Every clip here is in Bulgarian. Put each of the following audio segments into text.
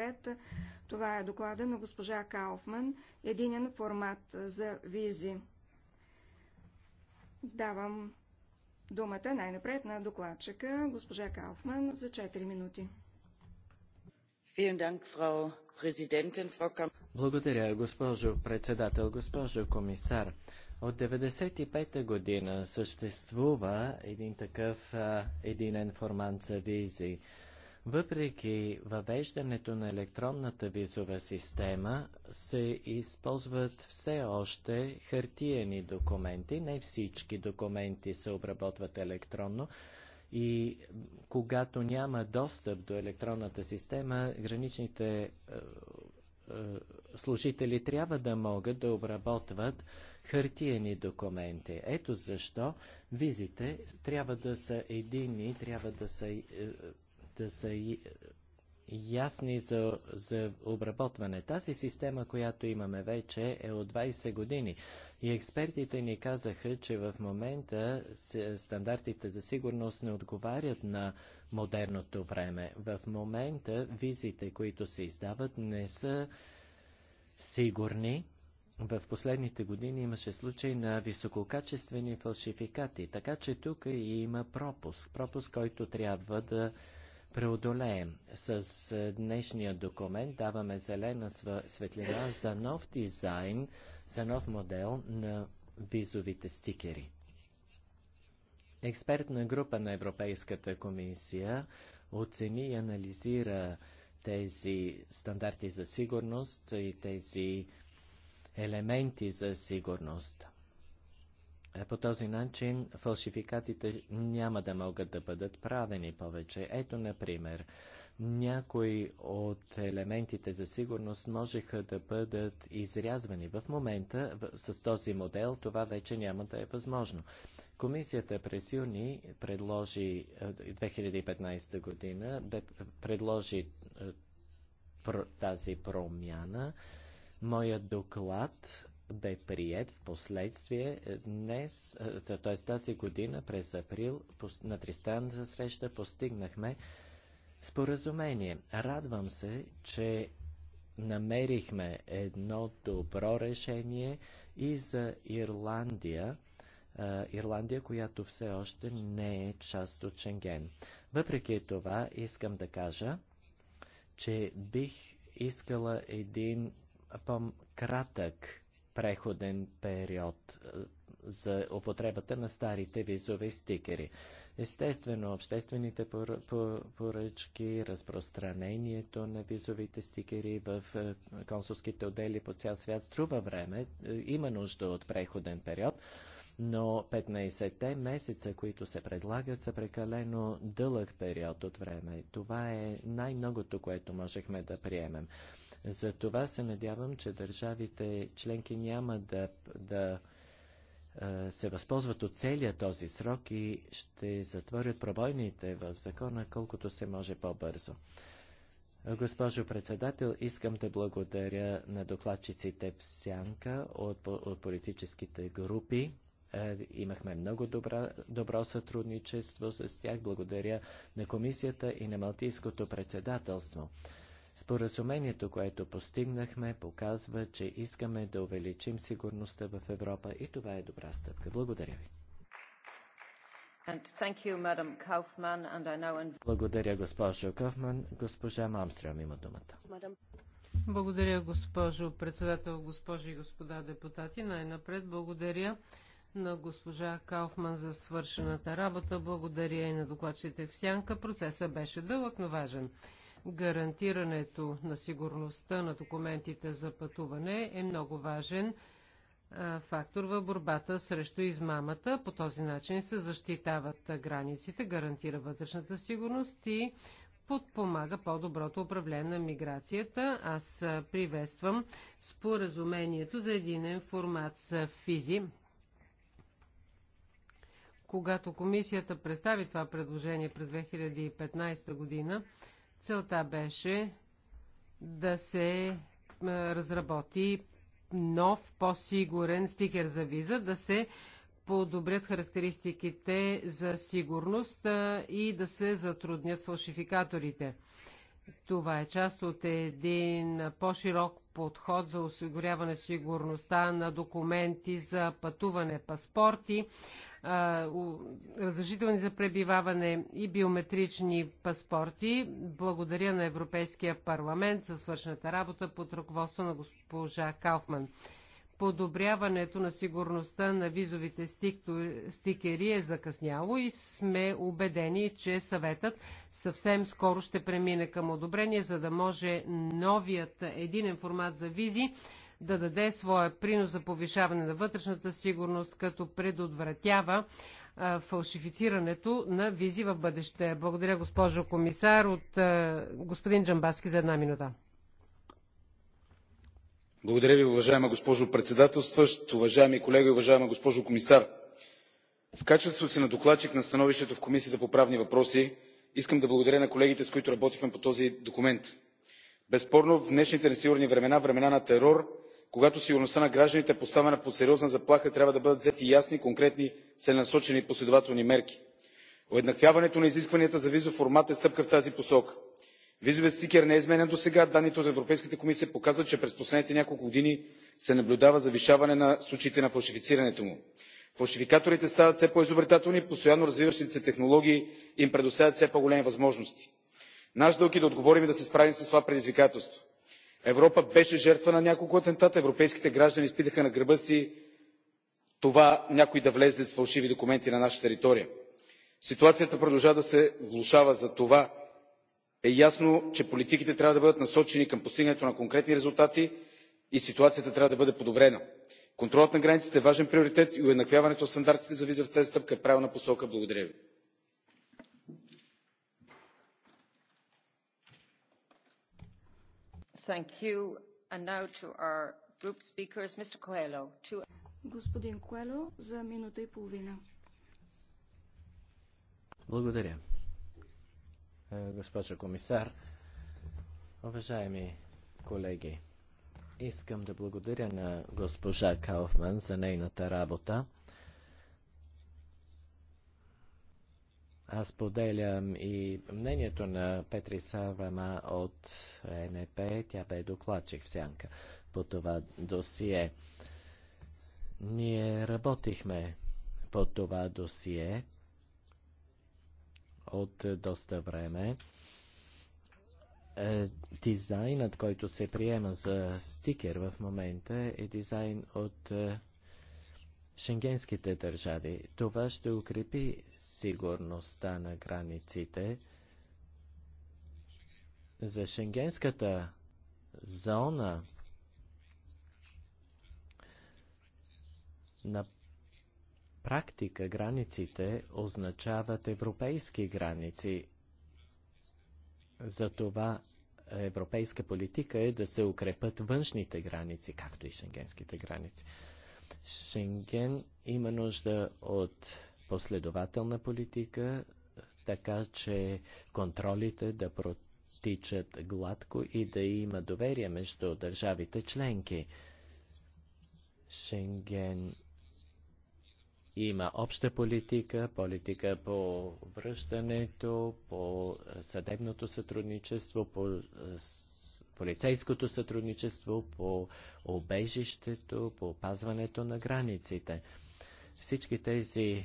ред. Това е доклада на госпожа Кауфман. Единен формат за визи. Давам думата най-напред на докладчика госпожа Кауфман за 4 минути. Благодаря, госпожо председател, госпожо комисар. От 1995-та година съществува един такъв а, единен формат за визи. Въпреки въвеждането на електронната визова система, се използват все още хартиени документи. Не всички документи се обработват електронно. И когато няма достъп до електронната система, граничните е, е, служители трябва да могат да обработват хартиени документи. Ето защо визите трябва да са едини, трябва да са е, да са ясни за, за обработване. Тази система, която имаме вече, е от 20 години. И експертите ни казаха, че в момента стандартите за сигурност не отговарят на модерното време. В момента визите, които се издават, не са сигурни. В последните години имаше случай на висококачествени фалшификати, така че тук има пропуск. Пропуск, който трябва да преодолеем. С е, днешния документ даваме зелена светлина за нов дизайн, за нов модел на визовите стикери. Експертна група на Европейската комисия оцени и анализира тези стандарти за сигурност и тези елементи за сигурност. Е, по този начин фалшификатите няма да могат да бъдат правени повече. Ето, например, някои от елементите за сигурност можеха да бъдат изрязвани. В момента с този модел това вече няма да е възможно. Комисията през юни предложи 2015 е, година бе, предложи е, тази промяна. Моят доклад бе прият в последствие днес, т.е. тази година през април на тристранната среща постигнахме споразумение. Радвам се, че намерихме едно добро решение и за Ирландия, е, Ирландия, която все още не е част от Шенген. Въпреки това, искам да кажа, че бих искала един по-кратък преходен период е, за употребата на старите визови стикери. Естествено, обществените поръчки, разпространението на визовите стикери в е, консулските отдели по цял свят струва време, е, има нужда от преходен период, но 15-те месеца, които се предлагат, са прекалено дълъг период от време. Това е най-многото, което можехме да приемем. За това се надявам, че държавите членки няма да, да се възползват от целия този срок и ще затворят пробойните в закона колкото се може по-бързо. Госпожо председател, искам да благодаря на докладчиците в Сянка от, от политическите групи. Е, имахме много добра, добро сътрудничество с тях. Благодаря на комисията и на Малтийското председателство. Споразумението, което постигнахме, показва, че искаме да увеличим сигурността в Европа и това е добра стъпка. Благодаря ви. You, now... Благодаря, госпожо Кафман. Госпожа Мамстрам има думата. Благодаря, госпожо председател, госпожи и господа депутати. Най-напред благодаря на госпожа Кауфман за свършената работа. Благодаря и на докладчите в Сянка. Процесът беше дълъг, но важен гарантирането на сигурността на документите за пътуване е много важен фактор в борбата срещу измамата. По този начин се защитават границите, гарантира вътрешната сигурност и подпомага по-доброто управление на миграцията. Аз приветствам споразумението за един формат с ФИЗИ. Когато комисията представи това предложение през 2015 година, Целта беше да се разработи нов, по-сигурен стикер за виза, да се подобрят характеристиките за сигурност и да се затруднят фалшификаторите. Това е част от един по-широк подход за осигуряване сигурността на документи за пътуване, паспорти, разрешителни за пребиваване и биометрични паспорти. Благодаря на Европейския парламент за свършната работа под ръководство на госпожа Кауфман. Подобряването на сигурността на визовите стикери е закъсняло и сме убедени, че съветът съвсем скоро ще премине към одобрение, за да може новият един формат за визи да даде своя принос за повишаване на вътрешната сигурност, като предотвратява фалшифицирането на визи в бъдеще. Благодаря, госпожо комисар, от господин Джамбаски за една минута. Благодаря ви, уважаема госпожо председателстващ, уважаеми колеги, уважаема госпожо комисар. В качеството си на докладчик на становището в Комисията по правни въпроси искам да благодаря на колегите, с които работихме по този документ. Безспорно, в днешните несигурни времена, времена на терор, когато сигурността на гражданите е поставена под сериозна заплаха трябва да бъдат взети ясни конкретни целенасочени и последователни мерки. уеднаквяването на изискванията за визов формат е стъпка в тази посока. визовият стикер не е изменян досега. данните от европейската комисия показват че през последните няколко години се наблюдава завишаване на случаите на фалшифицирането му. фалшификаторите стават все по изобретателни и постоянно развиващите се технологии им предоставят все по големи възможности. наш дълг е да отговорим и да се справим с това предизвикателство. Европа беше жертва на няколко атентата. Европейските граждани изпитаха на гърба си това някой да влезе с фалшиви документи на наша територия. Ситуацията продължава да се влушава. Затова е ясно, че политиките трябва да бъдат насочени към постигането на конкретни резултати и ситуацията трябва да бъде подобрена. Контролът на границите е важен приоритет и уеднаквяването на стандартите за визов в е стъпка в правилна посока. Благодаря ви. Господин Коело, за минута и половина. Благодаря. Е, госпожо комисар, уважаеми колеги, искам да благодаря на госпожа Кауфман за нейната работа. Аз поделям и мнението на Петри Саврама от НП. Е Тя бе докладчик в сянка по това досие. Ние работихме по това досие от доста време. Е, дизайнът, който се приема за стикер в момента е дизайн от е, шенгенските държави. Това ще укрепи сигурността на границите. За шенгенската зона на практика границите означават европейски граници. Затова европейска политика е да се укрепат външните граници, както и шенгенските граници. Шенген има нужда от последователна политика, така че контролите да протичат гладко и да има доверие между държавите членки. Шенген има обща политика, политика по връщането, по съдебното сътрудничество, по полицейското сътрудничество, по обежището, по опазването на границите. Всички тези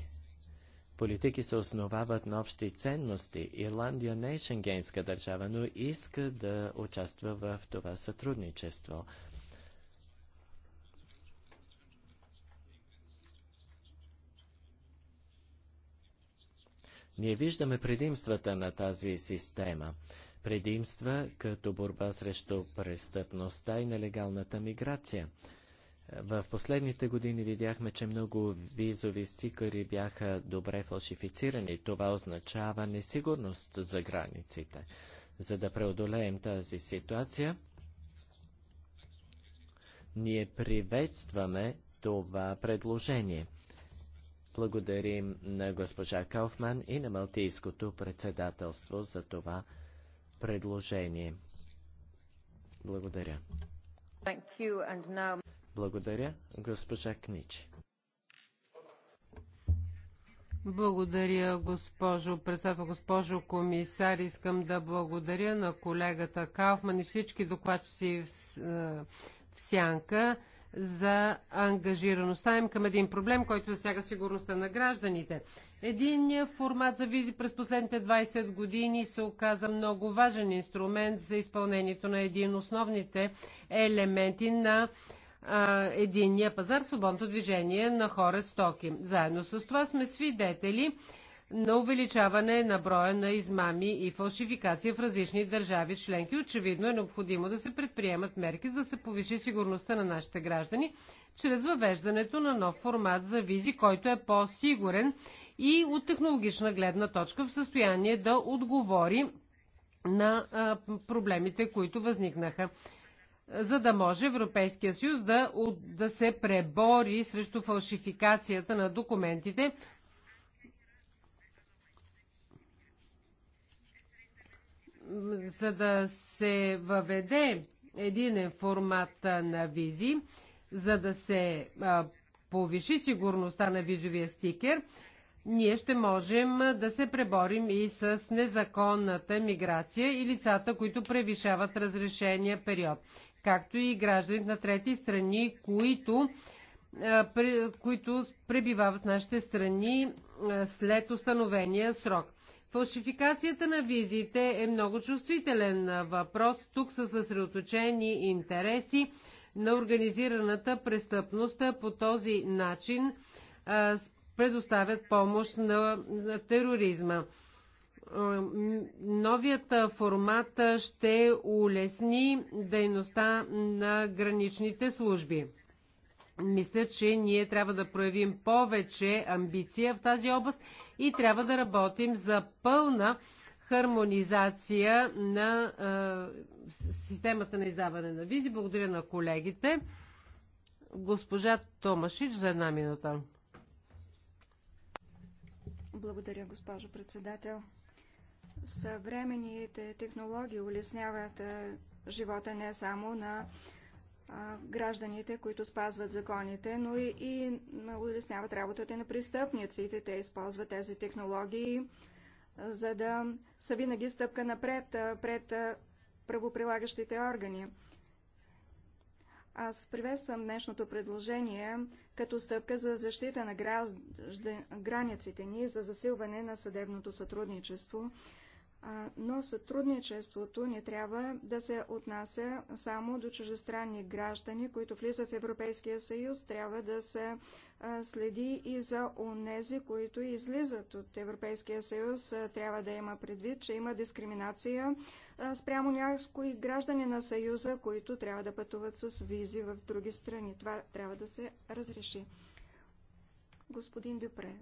политики се основават на общи ценности. Ирландия не е шенгенска държава, но иска да участва в това сътрудничество. Ние виждаме предимствата на тази система предимства, като борба срещу престъпността и нелегалната миграция. В последните години видяхме, че много визови стикери бяха добре фалшифицирани. Това означава несигурност за границите. За да преодолеем тази ситуация, ние приветстваме това предложение. Благодарим на госпожа Кауфман и на Малтийското председателство за това предложение. Благодаря. Now... Благодаря, госпожа Книч. Благодаря, госпожо председател, госпожо комисар. Искам да благодаря на колегата Кауфман и всички докладчици в, в сянка за ангажираността им към един проблем, който засяга сигурността на гражданите. Един формат за визи през последните 20 години се оказа много важен инструмент за изпълнението на един основните елементи на единния пазар, свободното движение на хора стоки. Заедно с това сме свидетели на увеличаване на броя на измами и фалшификация в различни държави членки. Очевидно е необходимо да се предприемат мерки, за да се повиши сигурността на нашите граждани, чрез въвеждането на нов формат за визи, който е по-сигурен и от технологична гледна точка в състояние да отговори на а, проблемите, които възникнаха за да може Европейския съюз да, да се пребори срещу фалшификацията на документите, за да се въведе един формат на визи, за да се а, повиши сигурността на визовия стикер, ние ще можем да се преборим и с незаконната миграция и лицата, които превишават разрешения период, както и гражданите на трети страни, които, а, при, които пребивават нашите страни а, след установения срок. Фалшификацията на визите е много чувствителен въпрос. Тук са съсредоточени интереси на организираната престъпност. По този начин предоставят помощ на, на тероризма. Новият формат ще улесни дейността на граничните служби. Мисля, че ние трябва да проявим повече амбиция в тази област и трябва да работим за пълна хармонизация на е, системата на издаване на визи. Благодаря на колегите. Госпожа Томашич за една минута. Благодаря, госпожо председател. Съвременните технологии улесняват живота не само на гражданите, които спазват законите, но и, и улесняват работата на престъпниците. Те използват тези технологии, за да са винаги стъпка напред пред правоприлагащите органи. Аз приветствам днешното предложение като стъпка за защита на граждан, границите ни, за засилване на съдебното сътрудничество но сътрудничеството не трябва да се отнася само до чуждестранни граждани, които влизат в Европейския съюз. Трябва да се следи и за онези, които излизат от Европейския съюз. Трябва да има предвид, че има дискриминация спрямо някои граждани на съюза, които трябва да пътуват с визи в други страни. Това трябва да се разреши. Господин Дюпре,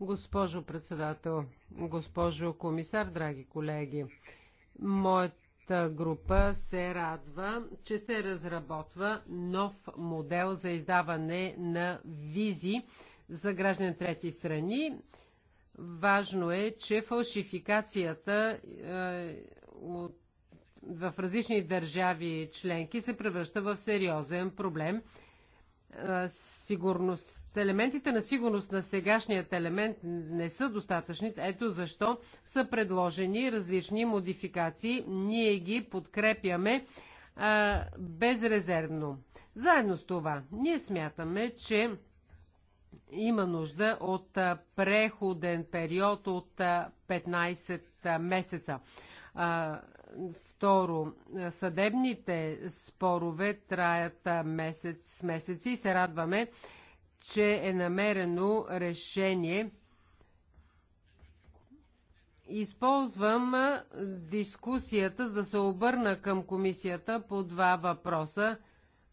Госпожо председател, госпожо комисар, драги колеги, моята група се радва, че се разработва нов модел за издаване на визи за граждани трети страни. Важно е, че фалшификацията е, в различни държави членки се превръща в сериозен проблем. Е, сигурност Елементите на сигурност на сегашният елемент не са достатъчни. Ето защо са предложени различни модификации. Ние ги подкрепяме а, безрезервно. Заедно с това, ние смятаме, че има нужда от преходен период от 15 месеца. А, Второ, съдебните спорове траят месец, месеци и се радваме, че е намерено решение. Използвам дискусията, за да се обърна към комисията по два въпроса.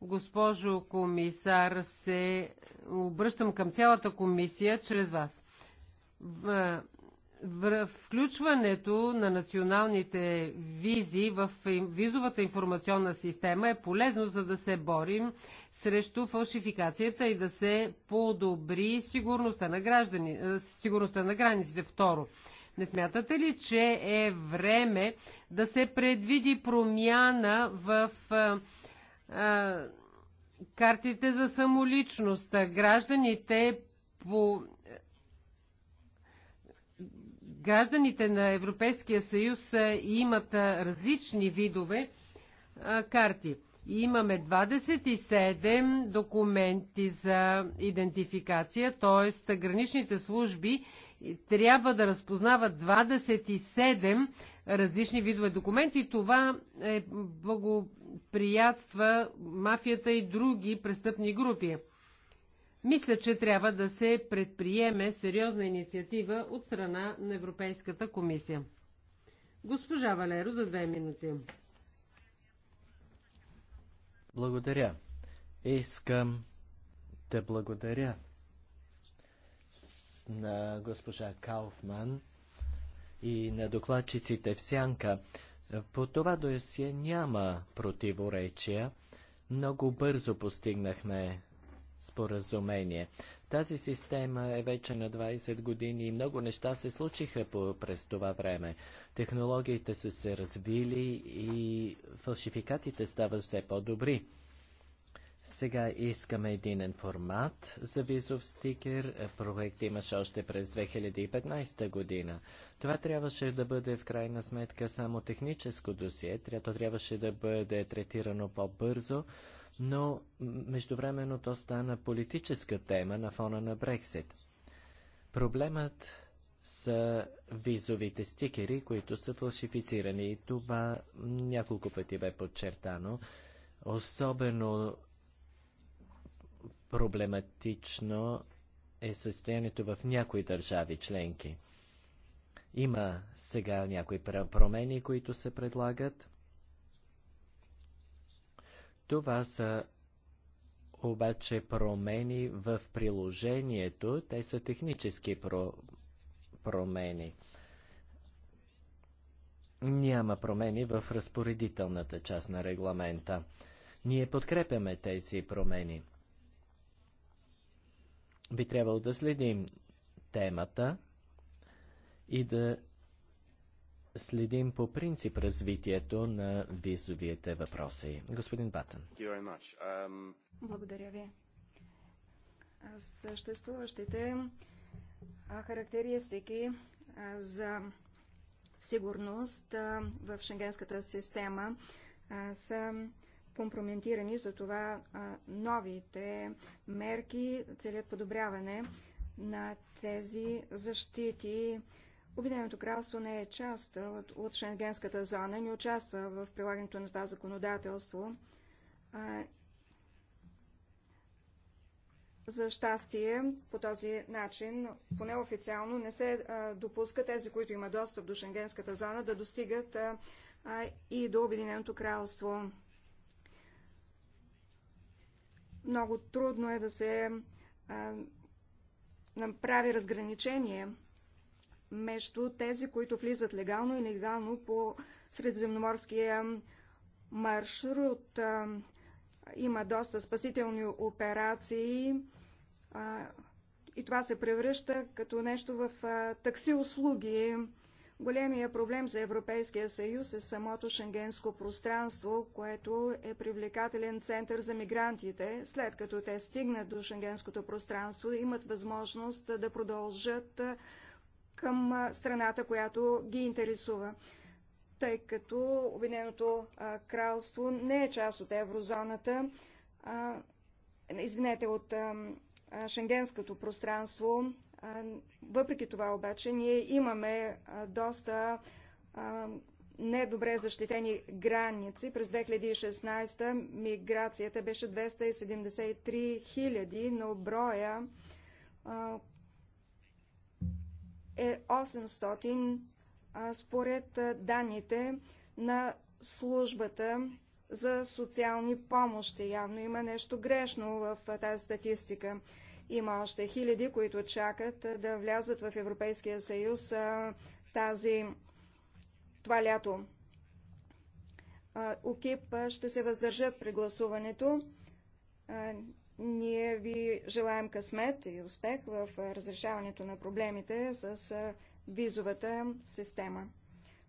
Госпожо комисар, се обръщам към цялата комисия чрез вас. Включването на националните визи в визовата информационна система е полезно, за да се борим срещу фалшификацията и да се подобри сигурността на, граждани, е, сигурността на границите. Второ, не смятате ли, че е време да се предвиди промяна в а, е, а, е, картите за самоличност? Гражданите по гражданите на Европейския съюз имат различни видове карти. Имаме 27 документи за идентификация, т.е. граничните служби трябва да разпознават 27 различни видове документи. Това е благоприятства мафията и други престъпни групи. Мисля, че трябва да се предприеме сериозна инициатива от страна на Европейската комисия. Госпожа Валеро за две минути. Благодаря. Искам да благодаря на госпожа Кауфман и на докладчиците в Сянка. По това досие няма противоречия. Много бързо постигнахме споразумение. Тази система е вече на 20 години и много неща се случиха по, през това време. Технологиите са се развили и фалшификатите стават все по-добри. Сега искаме един формат за визов стикер. Проект имаше още през 2015 година. Това трябваше да бъде в крайна сметка само техническо досие. То трябваше да бъде третирано по-бързо но междувременно то стана политическа тема на фона на Брексит. Проблемът са визовите стикери, които са фалшифицирани. И това няколко пъти бе подчертано. Особено проблематично е състоянието в някои държави членки. Има сега някои промени, които се предлагат. Това са обаче промени в приложението. Те са технически про... промени. Няма промени в разпоредителната част на регламента. Ние подкрепяме тези промени. Би трябвало да следим темата и да следим по принцип развитието на визовите въпроси. Господин Батън. Um, Благодаря ви. Съществуващите характеристики за сигурност в шенгенската система са компрометирани, това новите мерки целят подобряване на тези защити Обединеното кралство не е част от, от шенгенската зона, не участва в прилагането на това законодателство. А, за щастие, по този начин, поне официално, не се а, допуска тези, които имат достъп до шенгенската зона, да достигат а, а, и до Обединеното кралство. Много трудно е да се а, направи разграничение между тези, които влизат легално и легално по средиземноморския маршрут. Има доста спасителни операции и това се превръща като нещо в такси услуги. Големия проблем за Европейския съюз е самото шенгенско пространство, което е привлекателен център за мигрантите. След като те стигнат до шенгенското пространство, имат възможност да продължат към страната, която ги интересува. Тъй като Обединеното кралство не е част от еврозоната, а, извинете, от а, шенгенското пространство, а, въпреки това обаче ние имаме доста недобре защитени граници. През 2016 миграцията беше 273 хиляди, но броя, е 800 според данните на службата за социални помощи. Явно има нещо грешно в тази статистика. Има още хиляди, които чакат да влязат в Европейския съюз тази, това лято. ОКИП ще се въздържат при гласуването. Ние ви желаем късмет и успех в разрешаването на проблемите с визовата система.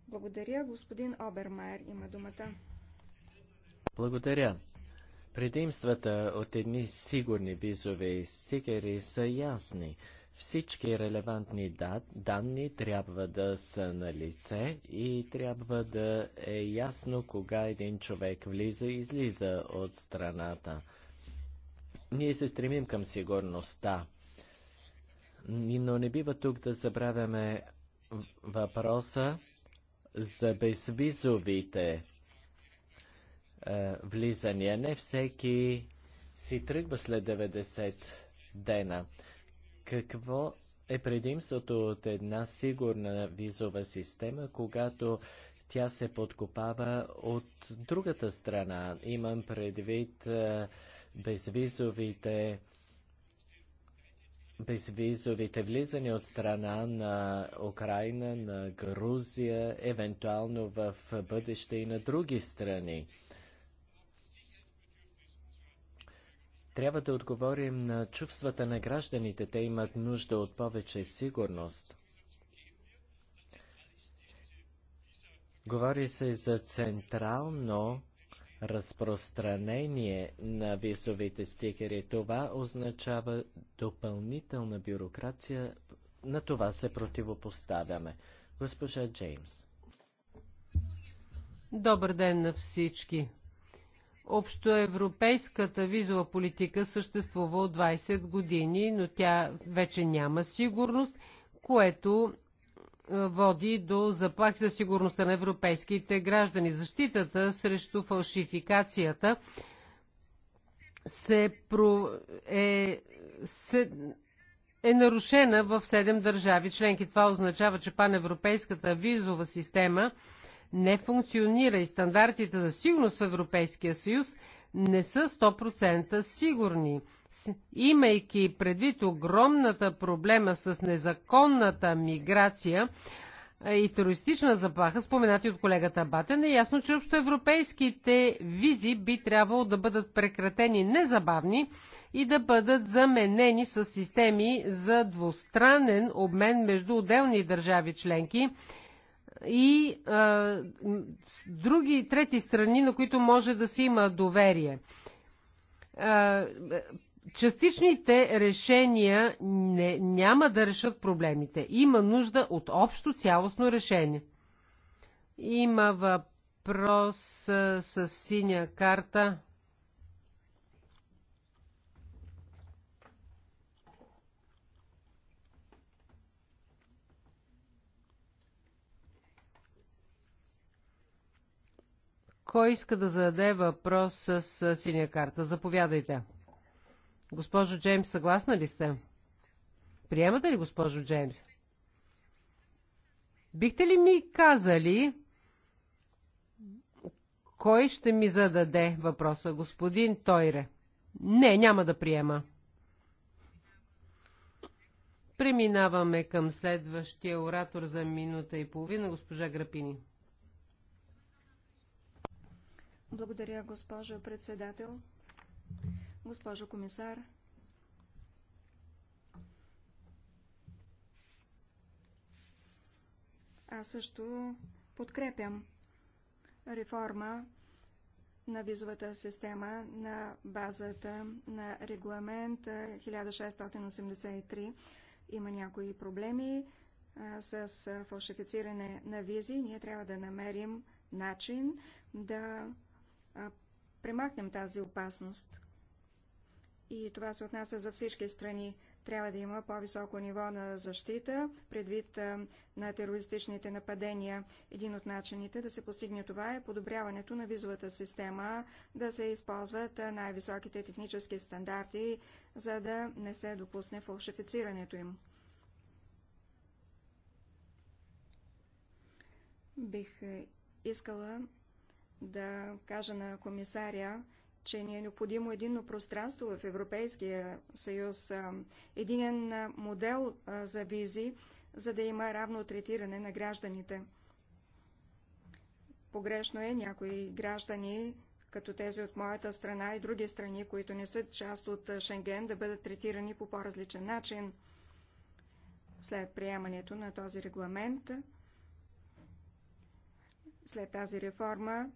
Благодаря. Господин Обермайер има думата. Благодаря. Предимствата от едни сигурни визови стикери са ясни. Всички релевантни дат, данни трябва да са на лице и трябва да е ясно кога един човек влиза и излиза от страната. Ние се стремим към сигурността, но не бива тук да забравяме въпроса за безвизовите е, влизания. Не всеки си тръгва след 90 дена. Какво е предимството от една сигурна визова система, когато тя се подкопава от другата страна? Имам предвид е, безвизовите безвизовите влизания от страна на Украина, на Грузия, евентуално в бъдеще и на други страни. Трябва да отговорим на чувствата на гражданите. Те имат нужда от повече сигурност. Говори се за централно разпространение на визовите стикери. Това означава допълнителна бюрокрация. На това се противопоставяме. Госпожа Джеймс. Добър ден на всички. Общоевропейската визова политика съществува от 20 години, но тя вече няма сигурност, което води до заплахи за сигурността на европейските граждани. Защитата срещу фалшификацията се про... е... Се... е нарушена в 7 държави членки. Това означава, че паневропейската визова система не функционира и стандартите за сигурност в Европейския съюз – не са 100% сигурни. Имайки предвид огромната проблема с незаконната миграция, и терористична заплаха, споменати от колегата Батен, е ясно, че общоевропейските визи би трябвало да бъдат прекратени незабавни и да бъдат заменени с системи за двустранен обмен между отделни държави членки и а, други трети страни, на които може да се има доверие. А, частичните решения не, няма да решат проблемите. Има нужда от общо цялостно решение. Има въпрос а, с синя карта. Кой иска да зададе въпрос с синя карта? Заповядайте. Госпожо Джеймс, съгласна ли сте? Приемате ли, госпожо Джеймс? Бихте ли ми казали, кой ще ми зададе въпроса? Господин Тойре. Не, няма да приема. Преминаваме към следващия оратор за минута и половина, госпожа Грапини. Благодаря, госпожо председател. Госпожо комисар, аз също подкрепям реформа на визовата система на базата на регламент 1683. Има някои проблеми с фалшифициране на визи. Ние трябва да намерим начин да премахнем тази опасност. И това се отнася за всички страни. Трябва да има по-високо ниво на защита предвид а, на терористичните нападения. Един от начините да се постигне това е подобряването на визовата система, да се използват най-високите технически стандарти, за да не се допусне фалшифицирането им. Бих искала да кажа на комисаря, че ни е необходимо единно пространство в Европейския съюз, единен модел за визи, за да има равно третиране на гражданите. Погрешно е някои граждани, като тези от моята страна и други страни, които не са част от Шенген, да бъдат третирани по по-различен начин. След приемането на този регламент, след тази реформа,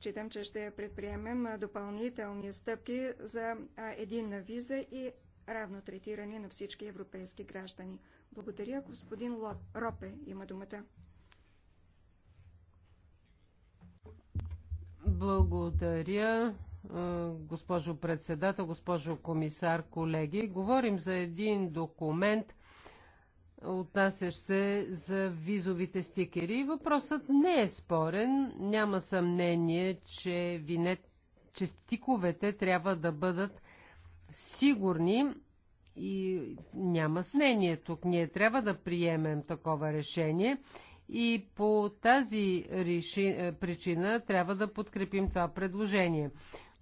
Считам, че ще предприемем допълнителни стъпки за единна виза и равно третиране на всички европейски граждани. Благодаря. Господин Лоп, Ропе има думата. Благодаря, госпожо председател, госпожо комисар, колеги. Говорим за един документ, отнасящ се за визовите стикери. Въпросът не е спорен. Няма съмнение, че, винет, че стиковете трябва да бъдат сигурни и няма съмнение тук. Ние трябва да приемем такова решение и по тази реши, е, причина трябва да подкрепим това предложение.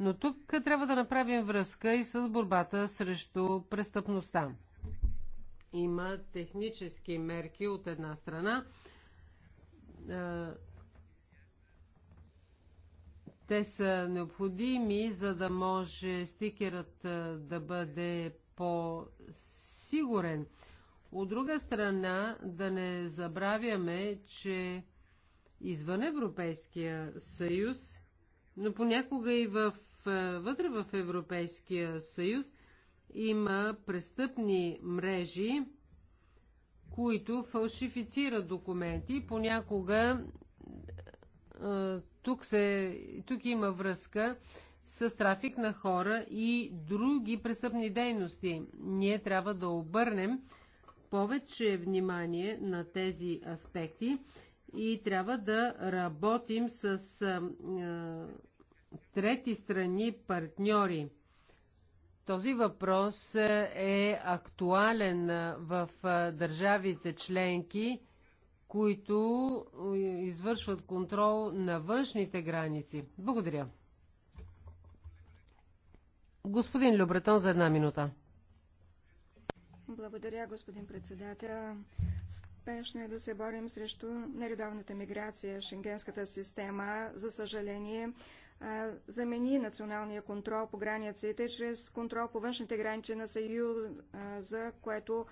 Но тук трябва да направим връзка и с борбата срещу престъпността. Има технически мерки от една страна. Е, те са необходими, за да може стикерът е, да бъде по-сигурен. От друга страна, да не забравяме, че извън Европейския съюз, но понякога и във, е, вътре в Европейския съюз, има престъпни мрежи, които фалшифицират документи. Понякога е, тук, се, тук има връзка с трафик на хора и други престъпни дейности. Ние трябва да обърнем повече внимание на тези аспекти и трябва да работим с е, е, трети страни партньори. Този въпрос е, е актуален е, в е, държавите членки, които извършват контрол на външните граници. Благодаря. Господин Любретон за една минута. Благодаря, господин председател. Спешно е да се борим срещу нередовната миграция. Шенгенската система, за съжаление, замени националния контрол по границите чрез контрол по външните граници на Съюза, което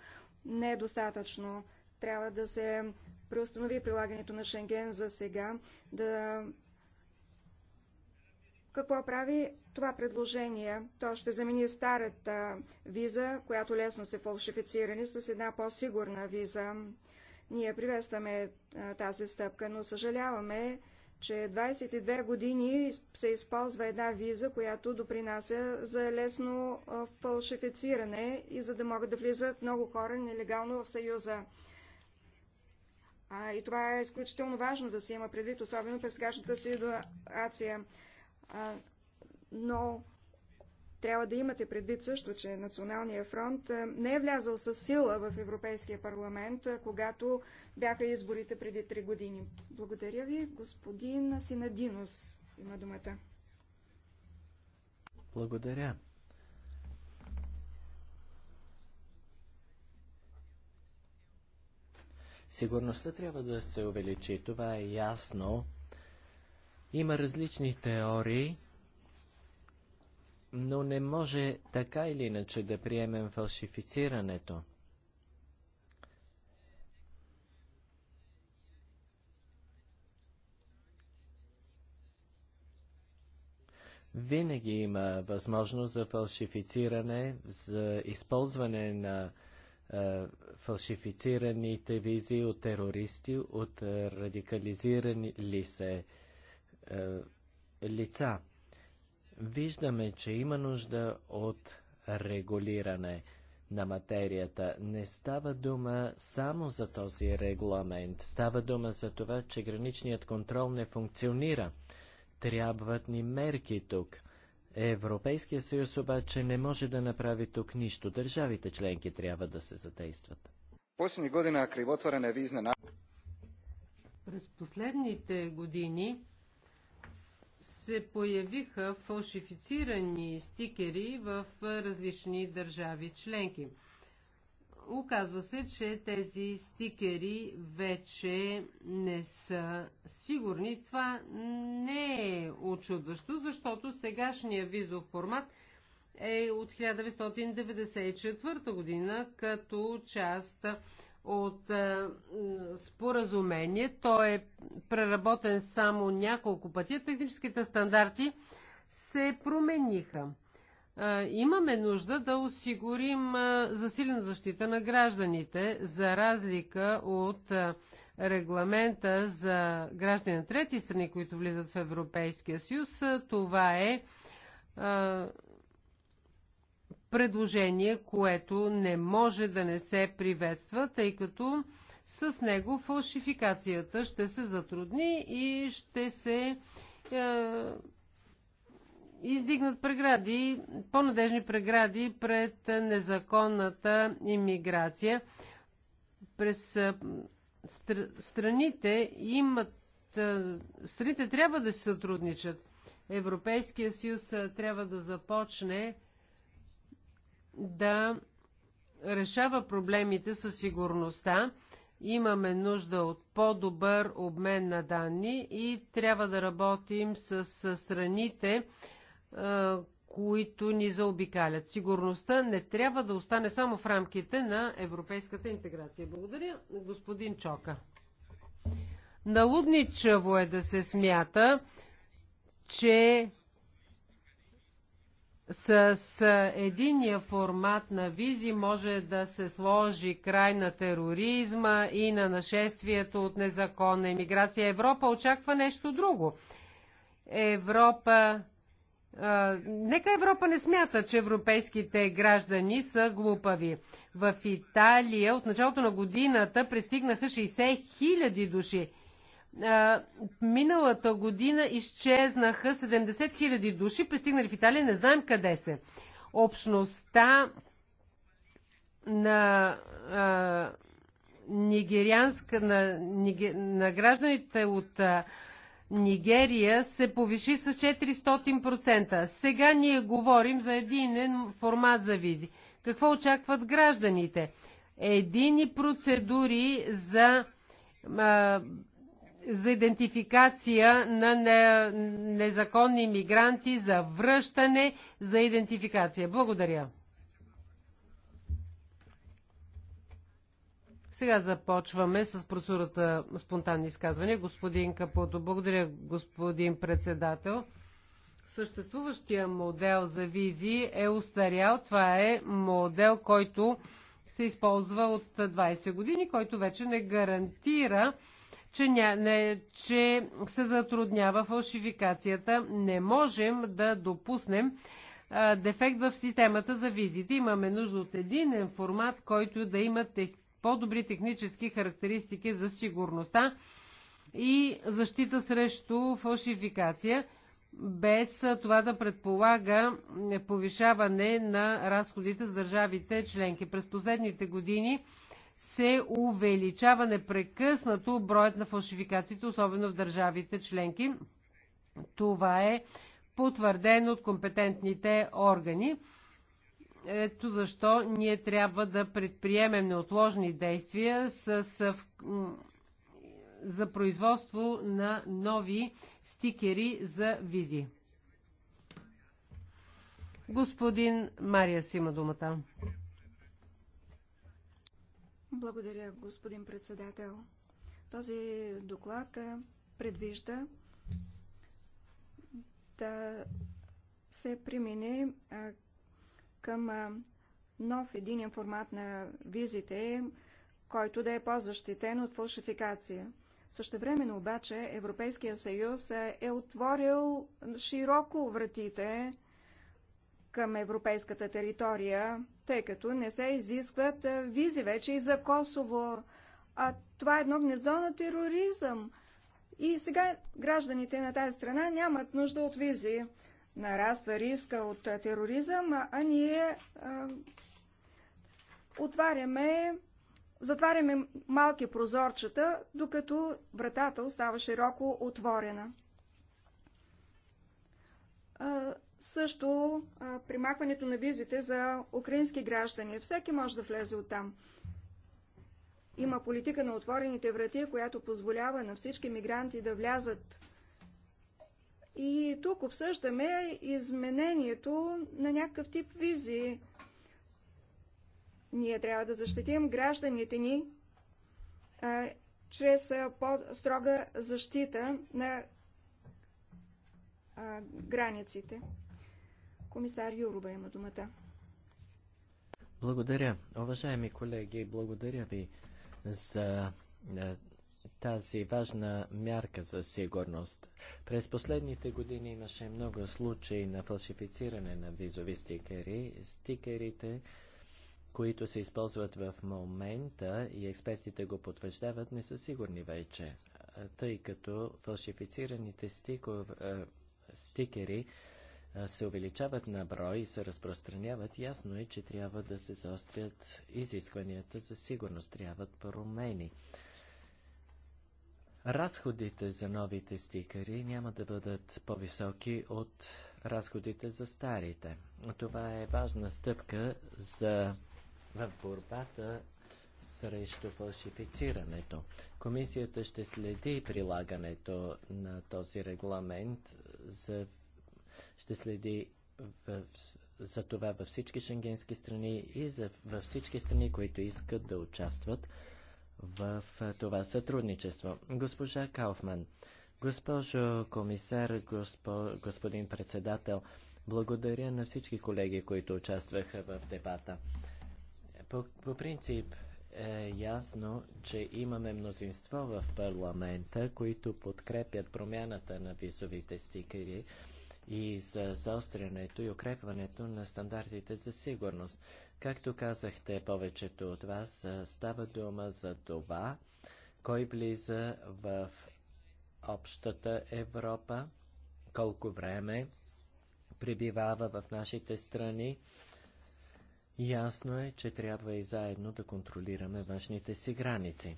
не е достатъчно. Трябва да се преустанови прилагането на Шенген за сега, да какво прави това предложение? То ще замени старата виза, която лесно се фалшифицира, с една по-сигурна виза. Ние приветстваме тази стъпка, но съжаляваме, че 22 години се използва една виза, която допринася за лесно фалшифициране и за да могат да влизат много хора нелегално в Съюза. А, и това е изключително важно да се има предвид, особено през сегашната ситуация. А, но трябва да имате предвид също, че Националния фронт е, не е влязал с сила в Европейския парламент, е, когато бяха изборите преди три години. Благодаря ви. Господин Синадинос има думата. Благодаря. Сигурността трябва да се увеличи, това е ясно. Има различни теории но не може така или иначе да приемем фалшифицирането. Винаги има възможност за фалшифициране, за използване на е, фалшифицираните визи от терористи, от е, радикализирани ли се е, лица. Виждаме, че има нужда от регулиране на материята. Не става дума само за този регламент. Става дума за това, че граничният контрол не функционира. Трябват ни мерки тук. Европейския съюз обаче не може да направи тук нищо. Държавите членки трябва да се задействат. Последни година визна на... През последните години се появиха фалшифицирани стикери в различни държави членки. Оказва се, че тези стикери вече не са сигурни. Това не е очудващо, защото сегашния визов формат е от 1994 година като част от е, споразумение. Той е преработен само няколко пъти. Техническите стандарти се промениха. Е, имаме нужда да осигурим е, засилена защита на гражданите, за разлика от е, регламента за граждани на трети страни, които влизат в Европейския съюз. Е, това е, е предложение, което не може да не се приветства, тъй като с него фалшификацията ще се затрудни и ще се е, издигнат прегради, по-надежни прегради пред незаконната иммиграция. През е, стр, страните имат е, страните трябва да се сътрудничат. Европейския съюз е, трябва да започне да решава проблемите със сигурността. Имаме нужда от по-добър обмен на данни и трябва да работим с, страните, които ни заобикалят. Сигурността не трябва да остане само в рамките на европейската интеграция. Благодаря, господин Чока. Налудничаво е да се смята, че с, с единия формат на визи може да се сложи край на тероризма и на нашествието от незаконна имиграция. Европа очаква нещо друго. Европа. А, нека Европа не смята, че европейските граждани са глупави. В Италия от началото на годината пристигнаха 60 000 души миналата година изчезнаха 70 000 души, пристигнали в Италия, не знаем къде се. Общността на а, на, на гражданите от а, Нигерия се повиши с 400%. Сега ние говорим за един формат за визи. Какво очакват гражданите? Едини процедури за а, за идентификация на незаконни мигранти, за връщане, за идентификация. Благодаря. Сега започваме с процедурата спонтанни изказвания. Господин Капото, благодаря, господин председател. Съществуващия модел за визи е устарял. Това е модел, който се използва от 20 години, който вече не гарантира че, ня, не, че се затруднява фалшификацията. Не можем да допуснем а, дефект в системата за визите. Имаме нужда от един формат, който да има тех, по-добри технически характеристики за сигурността и защита срещу фалшификация, без това да предполага повишаване на разходите с държавите членки. През последните години се увеличава непрекъснато броят на фалшификациите, особено в държавите членки. Това е потвърдено от компетентните органи. Ето защо ние трябва да предприемем неотложни действия с, за производство на нови стикери за визи. Господин Мария си има думата. Благодаря, господин председател. Този доклад предвижда да се премине към нов един формат на визите, който да е по-защитен от фалшификация. Същевременно обаче Европейския съюз е отворил широко вратите към европейската територия тъй като не се изискват визи вече и за Косово. А това е едно гнездо на тероризъм. И сега гражданите на тази страна нямат нужда от визи. Нараства риска от тероризъм, а ние а, отваряме, затваряме малки прозорчета, докато вратата остава широко отворена. А, също а, примахването на визите за украински граждани. Всеки може да влезе оттам. Има политика на отворените врати, която позволява на всички мигранти да влязат. И тук обсъждаме изменението на някакъв тип визи. Ние трябва да защитим гражданите ни а, чрез по-строга защита на а, границите. Комисар Юрова има думата. Благодаря. Уважаеми колеги, благодаря ви за е, тази важна мярка за сигурност. През последните години имаше много случаи на фалшифициране на визови стикери. Стикерите, които се използват в момента и експертите го потвърждават, не са сигурни вече, е, тъй като фалшифицираните стикер, е, стикери се увеличават на брой и се разпространяват, ясно е, че трябва да се заострят изискванията за сигурност, трябват промени. Разходите за новите стикери няма да бъдат по-високи от разходите за старите. Това е важна стъпка за в борбата срещу фалшифицирането. Комисията ще следи прилагането на този регламент за ще следи в, за това във всички шенгенски страни и за, във всички страни, които искат да участват в това сътрудничество. Госпожа Кауфман, госпожо комисар, госпо, господин председател, благодаря на всички колеги, които участваха в дебата. По, по принцип е ясно, че имаме мнозинство в парламента, които подкрепят промяната на визовите стикери и за заострянето и укрепването на стандартите за сигурност. Както казахте повечето от вас, става дума за това, кой влиза в общата Европа, колко време пребивава в нашите страни. Ясно е, че трябва и заедно да контролираме външните си граници.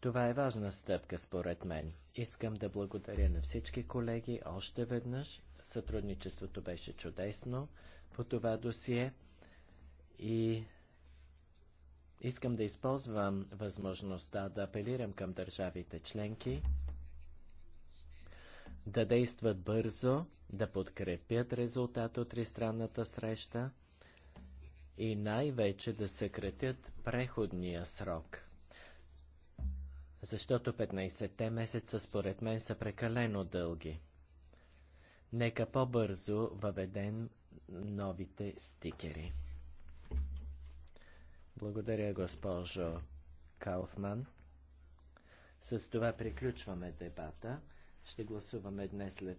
Това е важна стъпка според мен. Искам да благодаря на всички колеги още веднъж Сътрудничеството беше чудесно по това досие и искам да използвам възможността да апелирам към държавите членки да действат бързо, да подкрепят резултат от тристранната среща и най-вече да съкратят преходния срок. Защото 15-те месеца според мен са прекалено дълги нека по-бързо въведем новите стикери. Благодаря, госпожо Кауфман. С това приключваме дебата. Ще гласуваме днес след